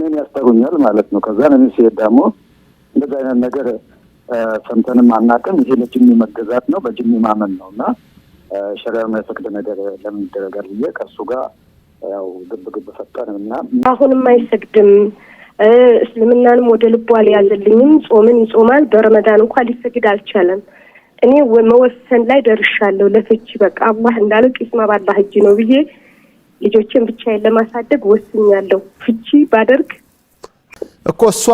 እኔን ያስጠሩኛል ማለት ነው። ከዛ እኔ ሲሄድ ደግሞ እንደዚህ አይነት ነገር ሰምተንም አናውቅም። ይሄ ለጅሚ መገዛት ነው፣ በጅሚ ማመን ነው እና ሸሪያ የማይፈቅድ ነገር ለምን ይደረጋል ብዬ ከእሱ ጋር ያው ግብ ግብ ፈጠርን እና አሁንም አይሰግድም እስልምናንም ወደ ልቡ አልያዘልኝም። ጾምን ይጾማል። በረመዳን እንኳ ሊሰግድ አልቻለም። እኔ መወሰን ላይ ደርሻለሁ። ለፍቺ በቃ አላህ እንዳለው ቂስማ ባላህ እጅ ነው ብዬ ልጆችን ብቻዬን ለማሳደግ ወስኛለሁ። ፍቺ ባደርግ እኮ እሷ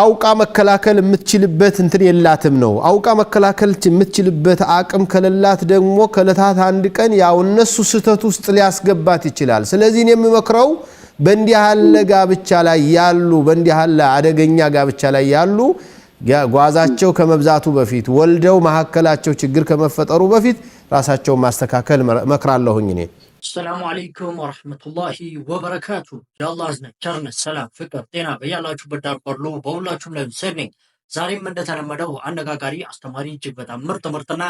አውቃ መከላከል የምትችልበት እንትን የላትም ነው። አውቃ መከላከል የምትችልበት አቅም ከሌላት ደግሞ ከለታት አንድ ቀን ያው እነሱ ስህተት ውስጥ ሊያስገባት ይችላል። ስለዚህ የምመክረው በእንዲህ ያለ ጋብቻ ላይ ያሉ በእንዲህ ያለ አደገኛ ጋብቻ ላይ ያሉ ጓዛቸው ከመብዛቱ በፊት ወልደው መሀከላቸው ችግር ከመፈጠሩ በፊት ራሳቸውን ማስተካከል መክራለሁኝ እኔ። አሰላሙ አለይኩም ወረህመቱላሂ ወበረካቱ። የአላህ እዝነት፣ ቸርነት፣ ሰላም፣ ፍቅር፣ ጤና በያላችሁበት ዳር ባሉ በሁላችሁም ላይ ሰድ ነኝ። ዛሬም እንደተለመደው አነጋጋሪ፣ አስተማሪ እጅግ በጣም ምርጥ ምርጥና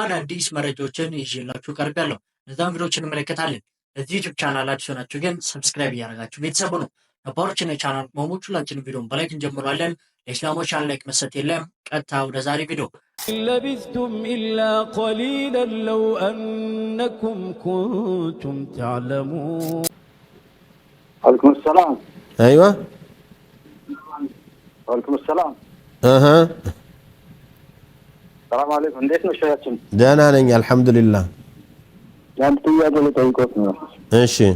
አዳዲስ መረጃዎችን ይዤላችሁ ቀርቤያለሁ። እነዛም ቪዲዮችን እንመለከታለን። ለዚህ ዩቲዩብ ቻናል አዲስ ሆናችሁ ግን ሰብስክራይብ እያደረጋችሁ ቤተሰቡ ነው ነባሮችን ቻናል መሆኑ ሁላችንም ቪዲዮን በላይክ እንጀምራለን። الإسلام وشانلك مستيلم قد ودا زاري فيديو لبثتم إلا قليلا لو أنكم كنتم تعلمون عليكم السلام أيوة عليكم السلام أها السلام عليكم ديت مشاهدتم دانا لني الحمد لله دانا تيادي لتعيكم طيب، ايشي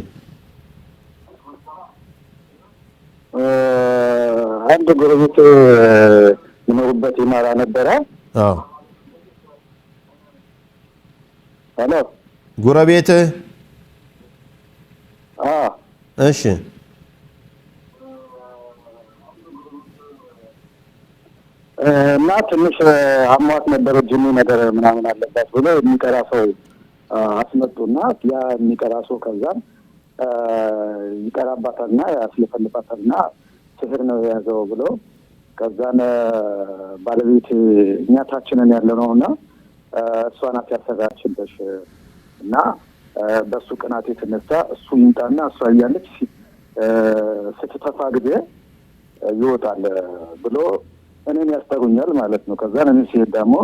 آه، አንድ ጎረቤት ይኖሩበት ይማራ ነበረ። ሄሎ ጎረቤት እሺ እና ትንሽ አሟት ነበረ ጅኒ ነገር ምናምን አለባት ብሎ የሚቀራ ሰው አስመጡና ያ የሚቀራ ሰው ከዛም ይቀራባታልና ያስለፈልፋታልና ስህር ነው የያዘው ብሎ ከዛን ባለቤት እኛ ታችንን ያለ ነው እና እሷ ናት ያሰራችልሽ እና በእሱ ቅናት የተነሳ እሱ ይምጣና እሷ እያለች ስትተፋ ጊዜ ይወጣል ብሎ እኔን ያስጠሩኛል ማለት ነው። ከዛን እኔ ሲሄድ ደግሞ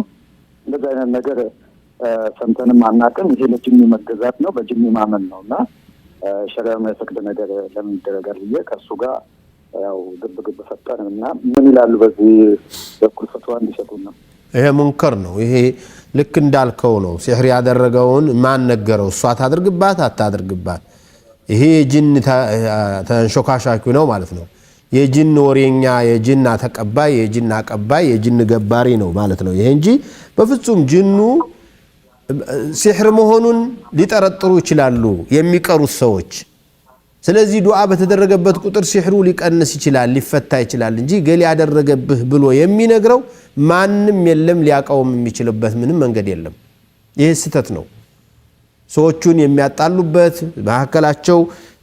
እንደዚ አይነት ነገር ሰምተንም አናቅም። ይሄ ለጅኒ መገዛት ነው፣ በጅኒ ማመን ነው እና ሸሪያ የማይፈቅድ ነገር ለምን ይደረጋል ብዬ ከእሱ ጋር ያው ግብ ግብ እና ምን ይላሉ በዚህ በኩል ፍትዋ እንዲሰጡን ነው። ይሄ ሙንከር ነው። ይሄ ልክ እንዳልከው ነው። ሲሕር ያደረገውን ማን ነገረው? እሷ ታድርግባት አታድርግባት። ይሄ የጅን ተንሾካሻኪ ነው ማለት ነው። የጅን ወሬኛ፣ የጅን ተቀባይ፣ የጅን አቀባይ፣ የጅን ገባሪ ነው ማለት ነው። ይሄ እንጂ በፍጹም ጅኑ ሲሕር መሆኑን ሊጠረጥሩ ይችላሉ የሚቀሩት ሰዎች ስለዚህ ዱዓ በተደረገበት ቁጥር ሲሕሩ ሊቀንስ ይችላል፣ ሊፈታ ይችላል እንጂ ገሌ ያደረገብህ ብሎ የሚነግረው ማንም የለም። ሊያቀውም የሚችልበት ምንም መንገድ የለም። ይህ ስህተት ነው። ሰዎቹን የሚያጣሉበት መካከላቸው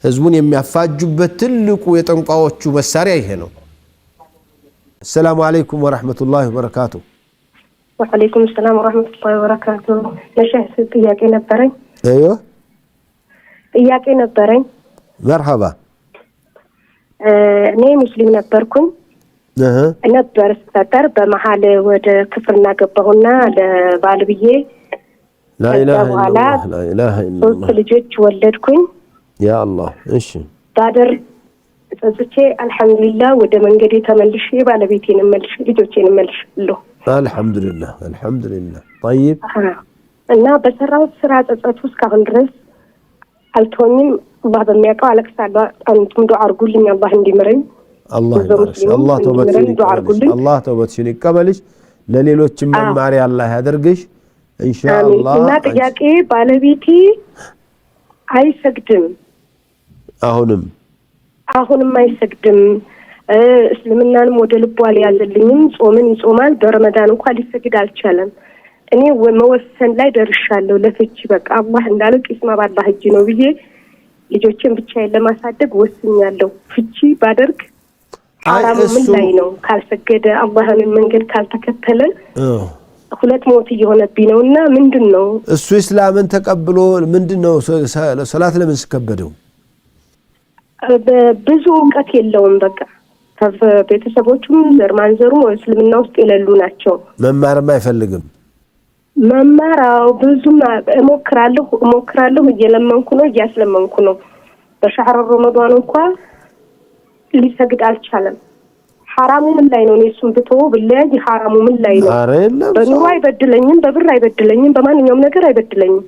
ህዝቡን የሚያፋጁበት ትልቁ የጠንቋዎቹ መሳሪያ ይሄ ነው። አሰላሙ አለይኩም ወረሕመቱላሂ ወበረካቱ። ወአለይኩም ሰላም ወረሕመቱላሂ ወበረካቱ። ጥያቄ ነበረኝ ጥያቄ ነበረኝ መርሐባ። እኔ ሙስሊም ነበርኩኝ ነበር ስፈጠር በመሀል ወደ ክፍልና ገባሁና ለባል ብዬ በኋላ ሶስት ልጆች ወለድኩኝ። ያአላ እሺ ባደር ጸጽቼ አልሐምዱሊላ ወደ መንገዴ ተመልሼ ባለቤቴን መልሽ ልጆቼን መልሻለሁ። አልሐምዱሊላ አልሐምዱሊላ። ጠይብ እና በሰራሁት ስራ ጸጸቱ እስካሁን ድረስ አልተወኝም። አላህ በሚያውቀው አለቅሳለሁ። አንቱም ዱዓ አድርጉልኝ አላህ እንዲምረኝ። አላህ ተውበትሽን ይቀበልሽ፣ ለሌሎችም መማሪ አላህ ያደርግሽ ኢንሻአላህ። እና ጥያቄ ባለቤቴ አይሰግድም፣ አሁንም አሁንም አይሰግድም። እስልምናንም ወደ ልቧ አልያዘልኝም። ጾምን ይጾማል፣ በረመዳን እንኳ ሊሰግድ አልቻለም። እኔ መወሰን ላይ ደርሻለሁ ለፍቺ በቃ አላህ እንዳለው ቂስማ ባላህ እጅ ነው ብዬ ልጆችን ብቻዬን ለማሳደግ ወስኛለሁ። ፍቺ ባደርግ አላሙ ምን ላይ ነው? ካልሰገደ አላህንን መንገድ ካልተከተለ ሁለት ሞት እየሆነብኝ ነው። እና ምንድን ነው እሱ ኢስላምን ተቀብሎ ምንድን ነው ሰላት ለምን ስከበደው? ብዙ እውቀት የለውም። በቃ ቤተሰቦቹም ዘርማንዘሩ እስልምና ውስጥ የሌሉ ናቸው። መማርም አይፈልግም። መማር አዎ፣ ብዙም እሞክራለሁ እሞክራለሁ። እየለመንኩ ነው እያስለመንኩ ነው። በሻህር ረመዷን እንኳ ሊሰግድ አልቻለም። ሐራሙ ምን ላይ ነው? እሱን ብቶ ብለያይ ሐራሙ ምን ላይ ነው? በኑሮ አይበድለኝም፣ በብር አይበድለኝም፣ በማንኛውም ነገር አይበድለኝም።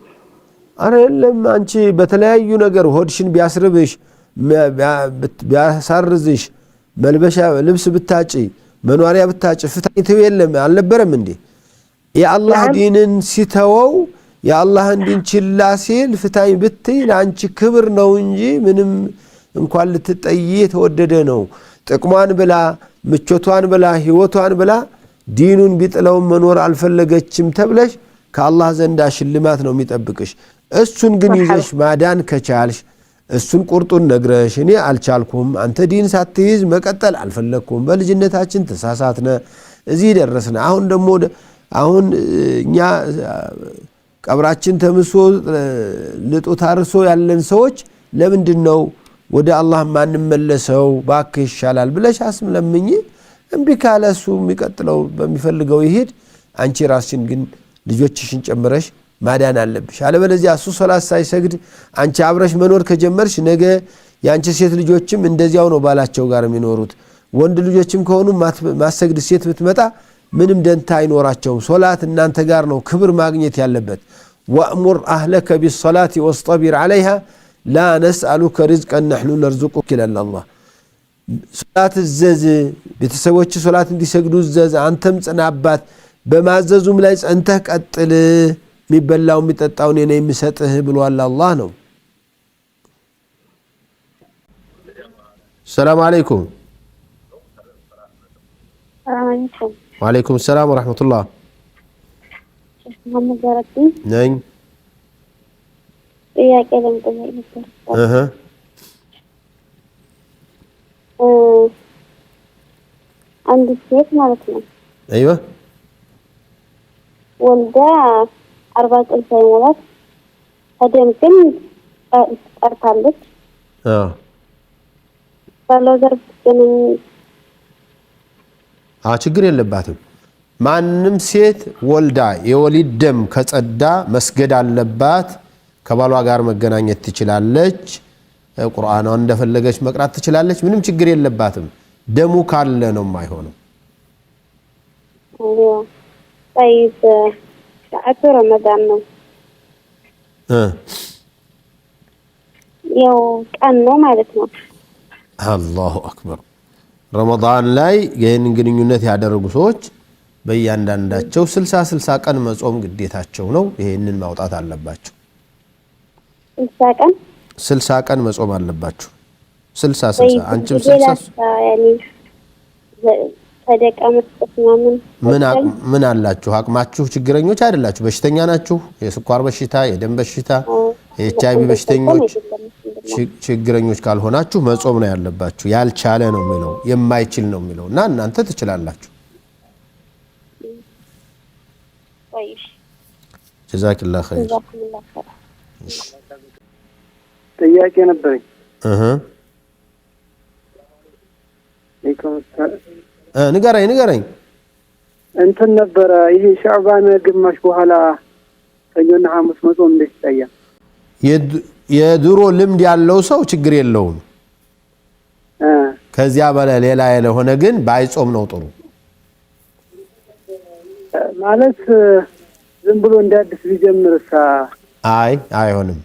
አረ የለም፣ አንቺ በተለያዩ ነገር ሆድሽን ቢያስርብሽ ቢያሳርዝሽ፣ መልበሻ ልብስ ብታጭ፣ መኗሪያ ብታጭ፣ ፍታኝተው የለም አልነበረም እንዴ? የአላህ ዲንን ሲተወው የአላህን ዲን ችላ ሲል ፍታኝ ብትይ ለአንቺ ክብር ነው እንጂ ምንም እንኳን ልትጠይ የተወደደ ነው። ጥቅሟን ብላ ምቾቷን ብላ ህይወቷን ብላ ዲኑን ቢጥለውም መኖር አልፈለገችም ተብለሽ ከአላህ ዘንዳ ሽልማት ነው የሚጠብቅሽ። እሱን ግን ይዘሽ ማዳን ከቻልሽ እሱን ቁርጡን ነግረሽ እኔ አልቻልኩም፣ አንተ ዲን ሳትይዝ መቀጠል አልፈለግኩም፣ በልጅነታችን ተሳሳትነ፣ እዚህ ደረስነ፣ አሁን ደግሞ አሁን እኛ ቀብራችን ተምሶ ልጡ ታርሶ ያለን ሰዎች ለምንድን ነው ወደ አላህ ማንመለሰው? ባክ ይሻላል ብለሽ አስም ለምኝ። እምቢ ካለ እሱ የሚቀጥለው በሚፈልገው ይሄድ። አንቺ ራስሽን ግን ልጆችሽን ጨምረሽ ማዳን አለብሽ። አለበለዚያ እሱ ሶላት ሳይሰግድ አንቺ አብረሽ መኖር ከጀመርሽ ነገ የአንቺ ሴት ልጆችም እንደዚያው ነው ባላቸው ጋር የሚኖሩት። ወንድ ልጆችም ከሆኑ ማሰግድ ሴት ብትመጣ ምንም ደንታ አይኖራቸውም። ሶላት እናንተ ጋር ነው ክብር ማግኘት ያለበት። ወእሙር አህለከ ቢሰላቲ ወስጠቢር ዓለይሃ ላ ነስአሉከ ሪዝቀን ነሕኑ ነርዝቁክ ይላል አላህ። ሶላት እዘዝ፣ ቤተሰቦች ሶላት እንዲሰግዱ እዘዝ፣ አንተም ጽናባት፣ በማዘዙም ላይ ጸንተህ ቀጥል። የሚበላው የሚጠጣው እኔ ነኝ የምሰጥህ ብሏል አላህ ነው። ሰላም አለይኩም وعليكم السلام ورحمة الله محمد ربي نين يا كلام اها أه. عند الشيخ مالتنا ايوه والدة أربعة ألف ولد هذا يمكن أرقام لك اه فلو ضربت ችግር የለባትም። ማንም ሴት ወልዳ የወሊድ ደም ከጸዳ መስገድ አለባት። ከባሏ ጋር መገናኘት ትችላለች። ቁርአኗን እንደፈለገች መቅራት ትችላለች። ምንም ችግር የለባትም። ደሙ ካለ ነው የማይሆነው። ጠይብ ሰዓቱ ረመዳን ነው። ያው ቀን ነው ማለት ነው። አላሁ አክበር ረመዳን ላይ ይህንን ግንኙነት ያደረጉ ሰዎች በእያንዳንዳቸው ስልሳ ስልሳ ቀን መጾም ግዴታቸው ነው። ይህንን ማውጣት አለባቸው። ስልሳ ቀን መጾም አለባችሁ። ስልሳ ስልሳ አንቺም ስልሳ ምን አላችሁ? አቅማችሁ ችግረኞች አይደላችሁ። በሽተኛ ናችሁ። የስኳር በሽታ፣ የደም በሽታ፣ የኤች አይ ቪ በሽተኞች ችግረኞች ካልሆናችሁ መጾም ነው ያለባችሁ። ያልቻለ ነው የሚለው የማይችል ነው የሚለው እና እናንተ ትችላላችሁ። ጀዛክላ ኸይር። ጥያቄ ነበረኝ። ንገረኝ ንገረኝ። እንትን ነበረ ይሄ ሻዕባን ግማሽ በኋላ ሰኞና ሐሙስ መጾም እንዴት ይታያል? የድሮ ልምድ ያለው ሰው ችግር የለውም። ከዚያ በላይ ሌላ ያለሆነ ግን ባይጾም ነው ጥሩ። ማለት ዝም ብሎ እንደ አዲስ ቢጀምር አይ አይሆንም።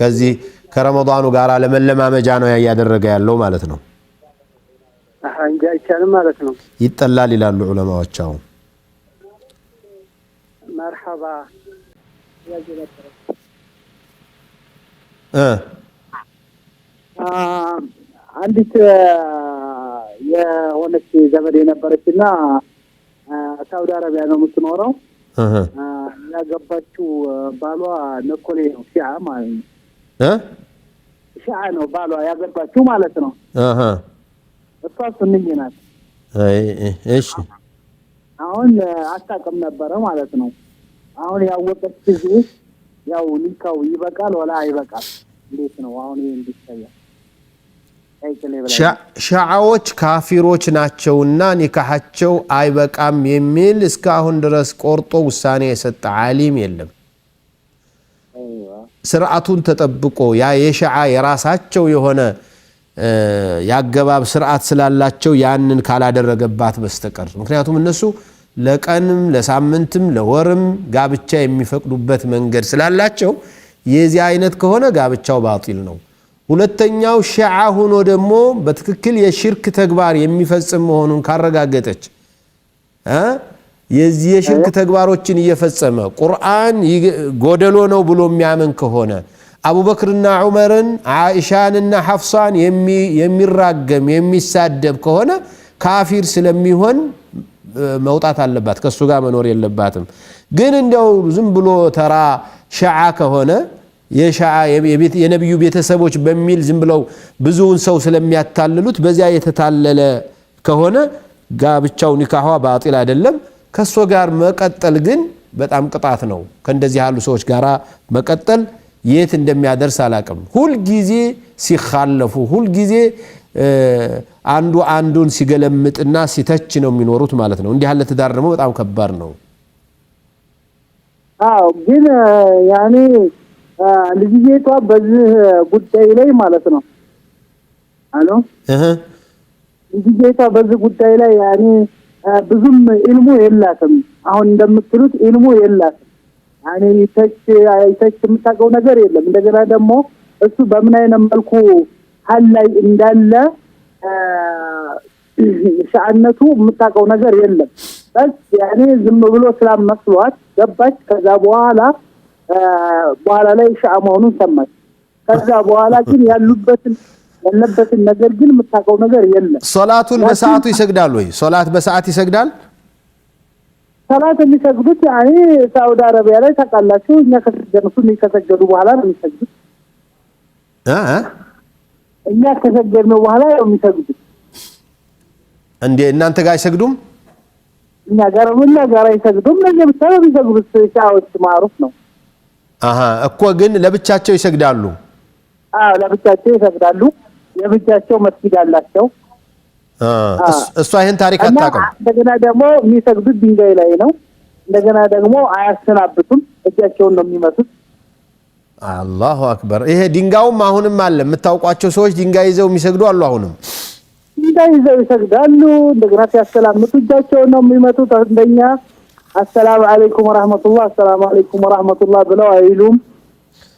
ከዚህ ከረመዷኑ ጋር ለመለማመጃ ነው እያደረገ ያለው ማለት ነው። እንጂ አይቻልም ማለት ነው። ይጠላል ይላሉ ዑለማዎች። አሁን መርሐባ አንዲት የሆነች ዘመድ የነበረች እና ሳውዲ አረቢያ ነው የምትኖረው። ያገባችው ባሏ ነኮሌ ነው፣ ሺዓ ማለት ነው። ሺዓ ነው ባሏ ያገባችው ማለት ነው። እሷ ስምኝ ናት። እሺ አሁን አታውቅም ነበረ ማለት ነው። አሁን ያወቀች ጊዜ ያው ኒካው ይበቃል ወላ አይበቃል እንዴት ነው አሁን ይሄ እንዲታያል? ሻዓዎች ካፊሮች ናቸውና ኒካሃቸው አይበቃም የሚል እስካሁን ድረስ ቆርጦ ውሳኔ የሰጠ ዓሊም የለም። ስርዓቱን ተጠብቆ ያ የሸዓ የራሳቸው የሆነ የአገባብ ስርዓት ስላላቸው ያንን ካላደረገባት በስተቀር ምክንያቱም እነሱ ለቀንም ለሳምንትም ለወርም ጋብቻ የሚፈቅዱበት መንገድ ስላላቸው የዚህ አይነት ከሆነ ጋብቻው ባጢል ነው። ሁለተኛው ሸዓ ሆኖ ደግሞ በትክክል የሽርክ ተግባር የሚፈጽም መሆኑን ካረጋገጠች የዚህ የሽርክ ተግባሮችን እየፈጸመ ቁርአን ጎደሎ ነው ብሎ የሚያምን ከሆነ አቡበክርና ዑመርን ዓኢሻንና ሐፍሳን የሚራገም የሚሳደብ ከሆነ ካፊር ስለሚሆን መውጣት አለባት። ከእሱ ጋር መኖር የለባትም። ግን እንደው ዝም ብሎ ተራ ሸዓ ከሆነ የሻዓ የነቢዩ ቤተሰቦች በሚል ዝም ብለው ብዙውን ሰው ስለሚያታልሉት በዚያ የተታለለ ከሆነ ጋብቻው ኒካኋ ባጢል አይደለም። ከእሱ ጋር መቀጠል ግን በጣም ቅጣት ነው። ከእንደዚህ ያሉ ሰዎች ጋር መቀጠል የት እንደሚያደርስ አላቅም። ሁልጊዜ ሲካለፉ፣ ሁልጊዜ አንዱ አንዱን ሲገለምጥና ሲተች ነው የሚኖሩት ማለት ነው። እንዲህ ያለ ትዳር ደግሞ በጣም ከባድ ነው። አዎ ግን ያኔ ልጅቷ በዚህ ጉዳይ ላይ ማለት ነው አሎ ልጅቷ በዚህ ጉዳይ ላይ ያኔ ብዙም ኢልሙ የላትም። አሁን እንደምትሉት ኢልሙ የላትም። ያኔ ይተች አይተች የምታውቀው ነገር የለም። እንደገና ደግሞ እሱ በምን አይነት መልኩ ሀል ላይ እንዳለ ሻአነቱ የምታውቀው ነገር የለም። በስ ያኔ ዝም ብሎ ስላመስሏት ገባች። ከዛ በኋላ በኋላ ላይ ሻአ መሆኑን ሰማች። ከዛ በኋላ ግን ያሉበትን ያለበትን ነገር ግን የምታውቀው ነገር የለም። ሶላቱን በሰዓቱ ይሰግዳል ወይ? ሶላት በሰዓት ይሰግዳል። ሰላት የሚሰግዱት ያኔ ሳውዲ አረቢያ ላይ ታውቃላችሁ፣ እኛ ከሰገዱ ከሰገዱ በኋላ ነው የሚሰግዱት። እኛ ከሰገድነው በኋላ ነው የሚሰግዱት። እንዴ እናንተ ጋር አይሰግዱም? እኛ ጋር እኛ ጋር አይሰግዱም። ለየ ብቻ ነው የሚሰግዱት። ሻዎች ማሩፍ ነው እኮ ግን ለብቻቸው ይሰግዳሉ። አዎ ለብቻቸው ይሰግዳሉ። የብቻቸው መስጊድ አላቸው። እሷ ይህን ታሪክ አታውቅም። እንደገና ደግሞ የሚሰግዱት ድንጋይ ላይ ነው። እንደገና ደግሞ አያሰናብቱም፣ እጃቸውን ነው የሚመቱት። አላሁ አክበር። ይሄ ድንጋዩም አሁንም አለ። የምታውቋቸው ሰዎች ድንጋይ ይዘው የሚሰግዱ አሉ። አሁንም ድንጋይ ይዘው ይሰግዳሉ። እንደገና ሲያሰላምቱ እጃቸውን ነው የሚመቱት እንደኛ አሰላም አለይኩም ወራህመቱላህ አሰላም አለይኩም ወራህመቱላህ ብለው አይሉም።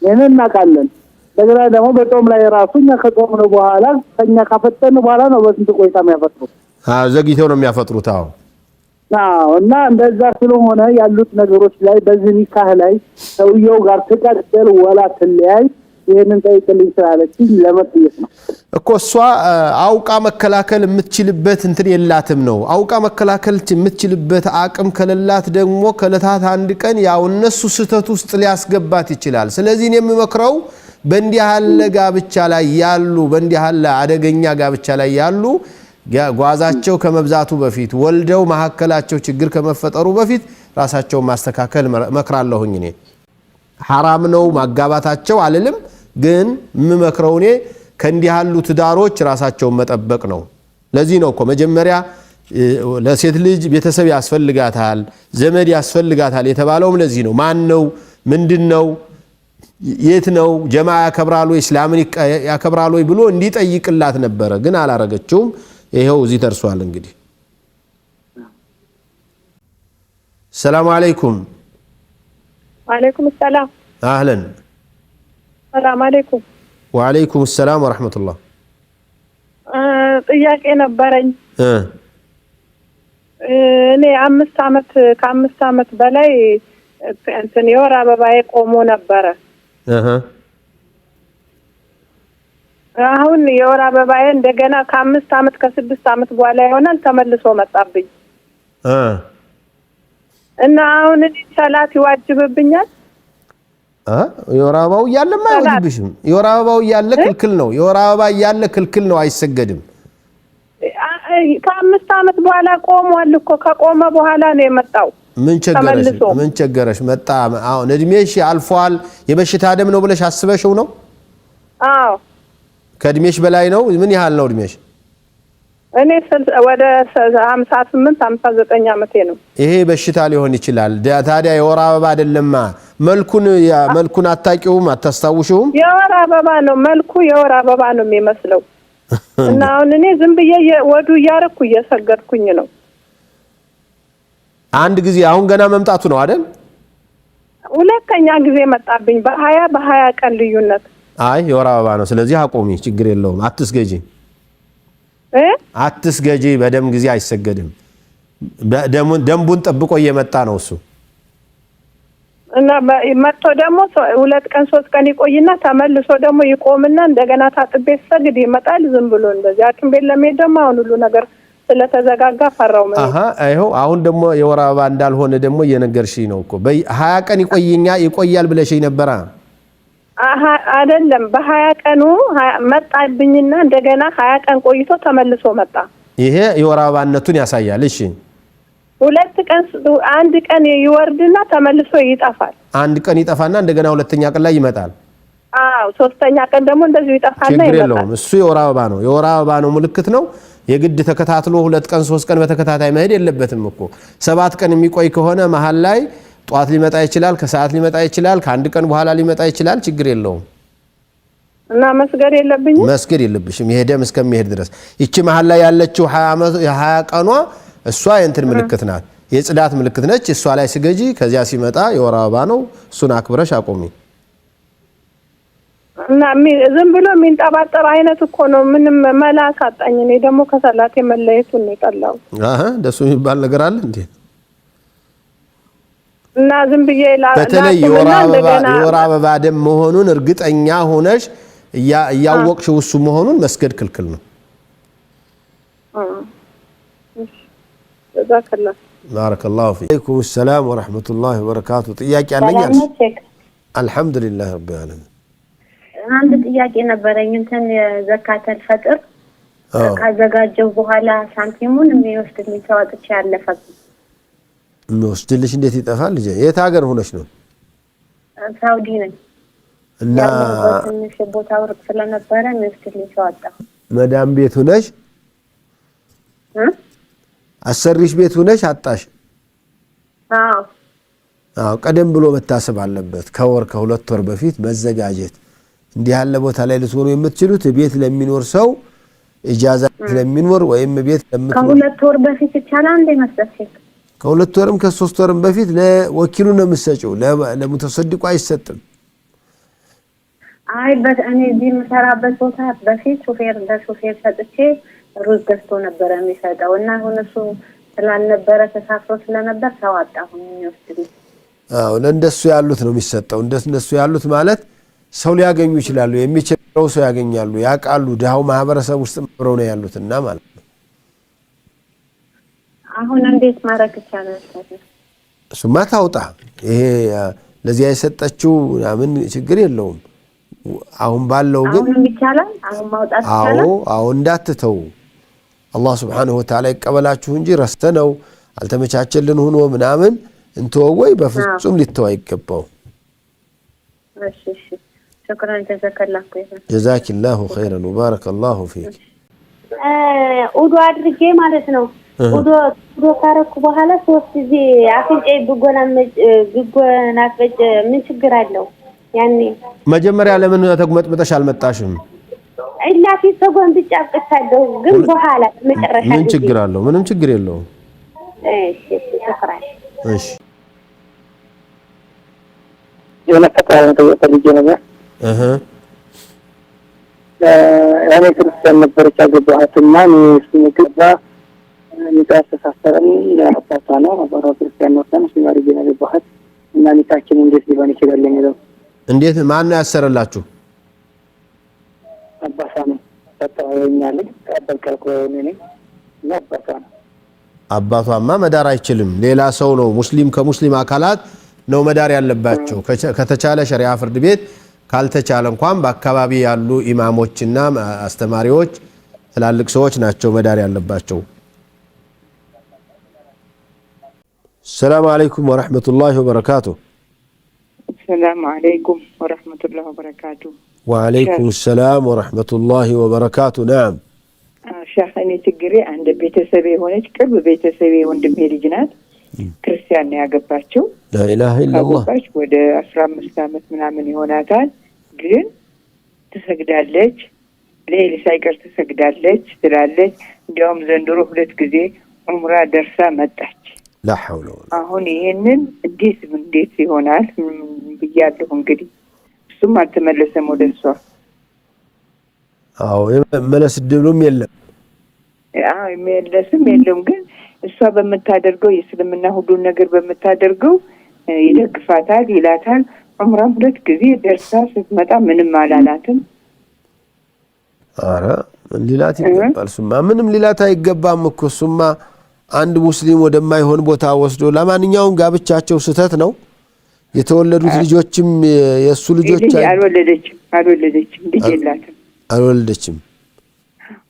ይህንን እናውቃለን። እንደገና ደግሞ በጾም ላይ ራሱ እኛ ከጾም ነው በኋላ ከኛ ካፈጠን በኋላ ነው በስንት ቆይታ የሚያፈጥሩት። አዎ ዘግይተው ነው የሚያፈጥሩት። አዎ አዎ። እና እንደዛ ስለሆነ ያሉት ነገሮች ላይ በዚህ ኒካህ ላይ ሰውየው ጋር ትቀጥል ወላ ትለያይ ይህንን ጠይቅልኝ ስላለችኝ ለመጠየቅ ነው እኮ። እሷ አውቃ መከላከል የምትችልበት እንትን የላትም ነው። አውቃ መከላከል የምትችልበት አቅም ከሌላት ደግሞ ከለታት አንድ ቀን ያው እነሱ ስህተት ውስጥ ሊያስገባት ይችላል። ስለዚህ የምመክረው በእንዲህ ያለ ጋብቻ ላይ ያሉ በእንዲህ ያለ አደገኛ ጋብቻ ላይ ያሉ ጓዛቸው ከመብዛቱ በፊት ወልደው መሀከላቸው ችግር ከመፈጠሩ በፊት ራሳቸውን ማስተካከል መክራለሁኝ። እኔ ሐራም ነው ማጋባታቸው አልልም። ግን የምመክረው እኔ ከእንዲህ ያሉ ትዳሮች ራሳቸውን መጠበቅ ነው። ለዚህ ነው እኮ መጀመሪያ ለሴት ልጅ ቤተሰብ ያስፈልጋታል፣ ዘመድ ያስፈልጋታል የተባለውም ለዚህ ነው። ማን ነው? ምንድን ነው? የት ነው? ጀማ ያከብራሉ፣ እስላምን ያከብራሉ ብሎ እንዲጠይቅላት ነበረ። ግን አላረገችውም። ይኸው እዚህ ደርሷል። እንግዲህ ሰላም አለይኩም። ወአለይኩም ሰላም። አህለን ሰላም አለይኩም ወአሌይኩም ሰላም ወረህመቱላህ። ጥያቄ ነበረኝ። እኔ አምስት አመት ከአምስት አመት በላይ እንትን የወር አበባዬ ቆሞ ነበረ። አሁን የወር አበባዬ እንደገና ከአምስት አመት ከስድስት አመት በኋላ ይሆናል ተመልሶ መጣብኝ እና አሁን ሰላት ይዋጅብብኛል? የወር አበባው እያለማ አይወጅብሽም። የወር አበባው እያለ ክልክል ነው። የወር አበባ እያለ ክልክል ነው፣ አይሰገድም። ከአምስት ዓመት በኋላ ቆሟል እኮ ከቆመ በኋላ ነው የመጣው። ምን ቸገረሽ? ምን ቸገረሽ? መጣ። አሁን እድሜሽ አልፏል። የበሽታ ደም ነው ብለሽ አስበሽው ነው? አዎ። ከእድሜሽ በላይ ነው። ምን ያህል ነው እድሜሽ? እኔ ወደ ሀምሳ ስምንት ሀምሳ ዘጠኝ ዓመቴ ነው። ይሄ በሽታ ሊሆን ይችላል። ታዲያ የወር አበባ አይደለማ። መልኩን መልኩን አታውቂውም፣ አታስታውሽውም? የወር አበባ ነው መልኩ፣ የወር አበባ ነው የሚመስለው። እና አሁን እኔ ዝም ብዬ ወዱ እያረኩ እየሰገድኩኝ ነው። አንድ ጊዜ አሁን ገና መምጣቱ ነው አይደል? ሁለተኛ ጊዜ መጣብኝ፣ በሀያ በሀያ ቀን ልዩነት። አይ የወር አበባ ነው። ስለዚህ አቆሚ፣ ችግር የለውም፣ አትስገጂ አትስገጂ፣ በደም ጊዜ አይሰገድም። ደንቡን ጠብቆ እየመጣ ነው እሱ እና መጥቶ ደግሞ ሁለት ቀን ሶስት ቀን ይቆይና ተመልሶ ደግሞ ይቆምና እንደገና ታጥቤ ሰግድ ይመጣል። ዝም ብሎ እንደዚህ ሐኪም ቤት ለመሄድ ደግሞ አሁን ሁሉ ነገር ስለተዘጋጋ ፈራው ይኸው አሁን ደግሞ የወር አበባ እንዳልሆነ ደግሞ እየነገርሽ ነው እኮ። ሀያ ቀን ይቆይኛ ይቆያል ብለሽ ነበራ አይደለም በሀያ ቀኑ መጣብኝና እንደገና ሀያ ቀን ቆይቶ ተመልሶ መጣ። ይሄ የወር አበባነቱን ያሳያል። እሺ ሁለት ቀን አንድ ቀን ይወርድና ተመልሶ ይጠፋል። አንድ ቀን ይጠፋና እንደገና ሁለተኛ ቀን ላይ ይመጣል። አዎ ሶስተኛ ቀን ደግሞ እንደዚሁ ይጠፋና ይመጣል። ችግር የለውም። እሱ የወር አበባ ነው። የወር አበባ ነው ምልክት ነው። የግድ ተከታትሎ ሁለት ቀን ሶስት ቀን በተከታታይ መሄድ የለበትም እኮ ሰባት ቀን የሚቆይ ከሆነ መሀል ላይ ጧት ሊመጣ ይችላል፣ ከሰዓት ሊመጣ ይችላል፣ ከአንድ ቀን በኋላ ሊመጣ ይችላል። ችግር የለውም እና መስገድ የለብኝም። መስገድ የለብሽም ይሄ ደም እስከሚሄድ ድረስ። ይቺ መሀል ላይ ያለችው ሀያ ቀኗ እሷ የእንትን ምልክት ናት፣ የጽዳት ምልክት ነች። እሷ ላይ ስገጂ። ከዚያ ሲመጣ የወር አበባ ነው፣ እሱን አክብረሽ አቆሚ። እና ዝም ብሎ የሚንጠባጠብ አይነት እኮ ነው። ምንም መላ አሳጣኝ። እኔ ደግሞ ከሰላት የመለየቱን ነው የጠላው። ደሱ የሚባል ነገር አለ እንዴ? እና ዝም ብዬ በተለይ የወር አበባ ደም መሆኑን እርግጠኛ ሆነሽ እያወቅሽ ውሱ መሆኑን መስገድ ክልክል ነው። ባረከላሁ ፊክ። ሰላም ወረሕመቱላሂ ወበረካቱ። ጥያቄ አለኝ። አልሐምዱሊላህ ረቢ ዓለሚን። አንድ ጥያቄ ነበረኝ። እንትን የዘካተል ፈጥር ካዘጋጀው በኋላ ሳንቲሙን የሚወስድ የሚተዋጥቻ ያለፈብኝ የሚወስድልሽ እንዴት ይጠፋል? ልጅ የት ሀገር ሆነሽ ነው? ሳውዲ ነኝ። እና ትንሽ ቦታ ርቅ ስለነበረ ሚወስድልኝ ሰው አጣሁ። መዳም ቤት ሁነሽ አሰሪሽ ቤት ሁነሽ አጣሽ። አዎ ቀደም ብሎ መታሰብ አለበት። ከወር ከሁለት ወር በፊት መዘጋጀት። እንዲህ ያለ ቦታ ላይ ልትሆኑ የምትችሉት ቤት ለሚኖር ሰው ኢጃዛ ለሚኖር ወይም ቤት ከሁለት ወር በፊት ይቻላል እንደ መስጠት ከሁለት ወርም ከሶስት ወርም በፊት ለወኪሉ ነው የምትሰጪው፣ ለሙተሰድቁ አይሰጥም። አይ በት እኔ እዚህ የምሰራበት ቦታ በፊት ሹፌር ለሹፌር ሰጥቼ ሩዝ ገዝቶ ነበረ የሚሰጠው እና አሁን እሱ ስላልነበረ ተሳፍሮ ስለነበር ሰው አጣሁኝ የሚወስድ አዎ፣ ለእንደሱ ያሉት ነው የሚሰጠው። እንደነሱ ያሉት ማለት ሰው ሊያገኙ ይችላሉ። የሚችለው ሰው ያገኛሉ፣ ያውቃሉ። ድሃው ማህበረሰብ ውስጥ አብረው ነው ያሉትና ማለት ነው። አሁን እንዴት ማድረግ ይቻላል? እሱማ ታውጣ። ይሄ ለዚያ የሰጠችው ምን ችግር የለውም። አሁን ባለው ግን አዎ፣ አዎ እንዳትተው። አላህ ስብሓነሁ ወተዓላ ይቀበላችሁ እንጂ ረስተ ነው አልተመቻቸልን ሆኖ ምናምን እንትወወይ በፍጹም ሊተው አይገባው። ጀዛኪላሁ ኸይረን ወባረከ ፊክ ኡዱ አድርጌ ማለት ነው ዶ ካረኩ በኋላ ሶስት ጊዜ አፍንጫ ብጎናፈጭ ምን ችግር አለው? ያኔ መጀመሪያ ለምን ተጉመጥምጠሽ አልመጣሽም? እላፊ ሰጎን ብቻ አብቅቻለሁ፣ ግን በኋላ መጨረሻ ምን ችግር አለው? ምንም ችግር የለውም። እሺ ተከራይ እሺ የሆነ ፈጣሪ ተፈልጀ ነበር። እህ እኔ ክርስቲያን ነበረች አገባኋትና እሱ ገባ የተስተሳሰረን ነው ክርስቲያን እና እንዴት ሊሆን ይችላል የሚለው እንዴት ማን ነው ያሰረላችሁ? አባሳ ነው ኔ እና አባቷ ነው። አባቷማ መዳር አይችልም። ሌላ ሰው ነው ሙስሊም ከሙስሊም አካላት ነው መዳር ያለባቸው። ከተቻለ ሸሪዓ ፍርድ ቤት ካልተቻለ እንኳን በአካባቢ ያሉ ኢማሞችና አስተማሪዎች ትላልቅ ሰዎች ናቸው መዳር ያለባቸው። السلام عليكم ورحمة الله وبركاته السلام عليكم ورحمة الله وبركاته وعليكم شخ. السلام ورحمة الله وبركاته نعم آه، شيخ أني تقري عند بيت سبي هنا تقرب بيت سبي وند جنات كريستيان يا قباتشو لا إله إلا الله ود أسرام مستامت من عمل هوناتان جن تسجدال ليش ليل سايكر تسجدال ليش تلال ليش دوم زندروف لتكزي. كذي عمره تحت. ላሐውሎ አሁን ይሄንን እንዴት እንዴት ይሆናል ብያለሁ። እንግዲህ እሱም አልተመለሰም ወደ እሷ። አዎ የመለስ ድብሉም የለም የመለስም የለም ግን እሷ በምታደርገው የእስልምና ሁሉን ነገር በምታደርገው ይደግፋታል፣ ይላታል። ዑምራም ሁለት ጊዜ ደርሳ ስትመጣ ምንም አላላትም። አረ ሊላት ይገባል። እሱማ ምንም ሊላት አይገባም እኮ እሱማ አንድ ሙስሊም ወደማይሆን ቦታ ወስዶ ለማንኛውም ጋብቻቸው ስህተት ነው። የተወለዱት ልጆችም የእሱ ልጆች አልወለደችም አልወለደችም ልጅ የላትም አልወለደችም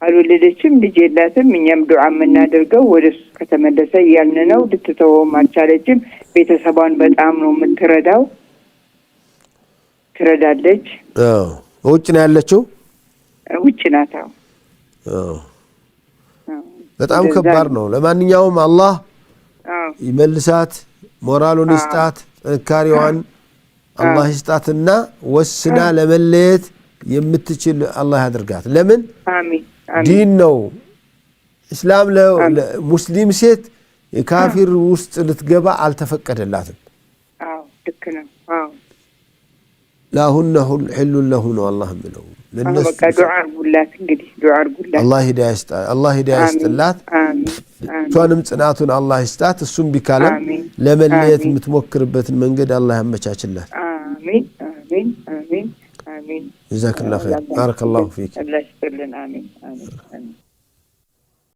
አልወለደችም ልጅ የላትም። እኛም ዱዓ የምናደርገው ወደ እሱ ከተመለሰ እያልን ነው። ልትተወውም አልቻለችም። ቤተሰቧን በጣም ነው የምትረዳው፣ ትረዳለች። ውጭ ነው ያለችው፣ ውጭ ናት። በጣም ከባድ ነው። ለማንኛውም አላህ ይመልሳት፣ ሞራሉን ይስጣት፣ ጥንካሬዋን አላህ ይስጣትና ወስና ለመለየት የምትችል አላህ ያድርጋት። ለምን ዲን ነው እስላም። ሙስሊም ሴት የካፊር ውስጥ ልትገባ አልተፈቀደላትም። ላሁነ ሕሉን ለሁ ነው አላህ የሚለው። አላህ ሂዳያ ይስጥላት፣ እሷንም ጽናቱን አላህ ይስጣት። እሱም ቢካለም ለመለየት የምትሞክርበትን መንገድ አላህ ያመቻችላት። ጀዛከላሁ ባረከላሁ ፊክ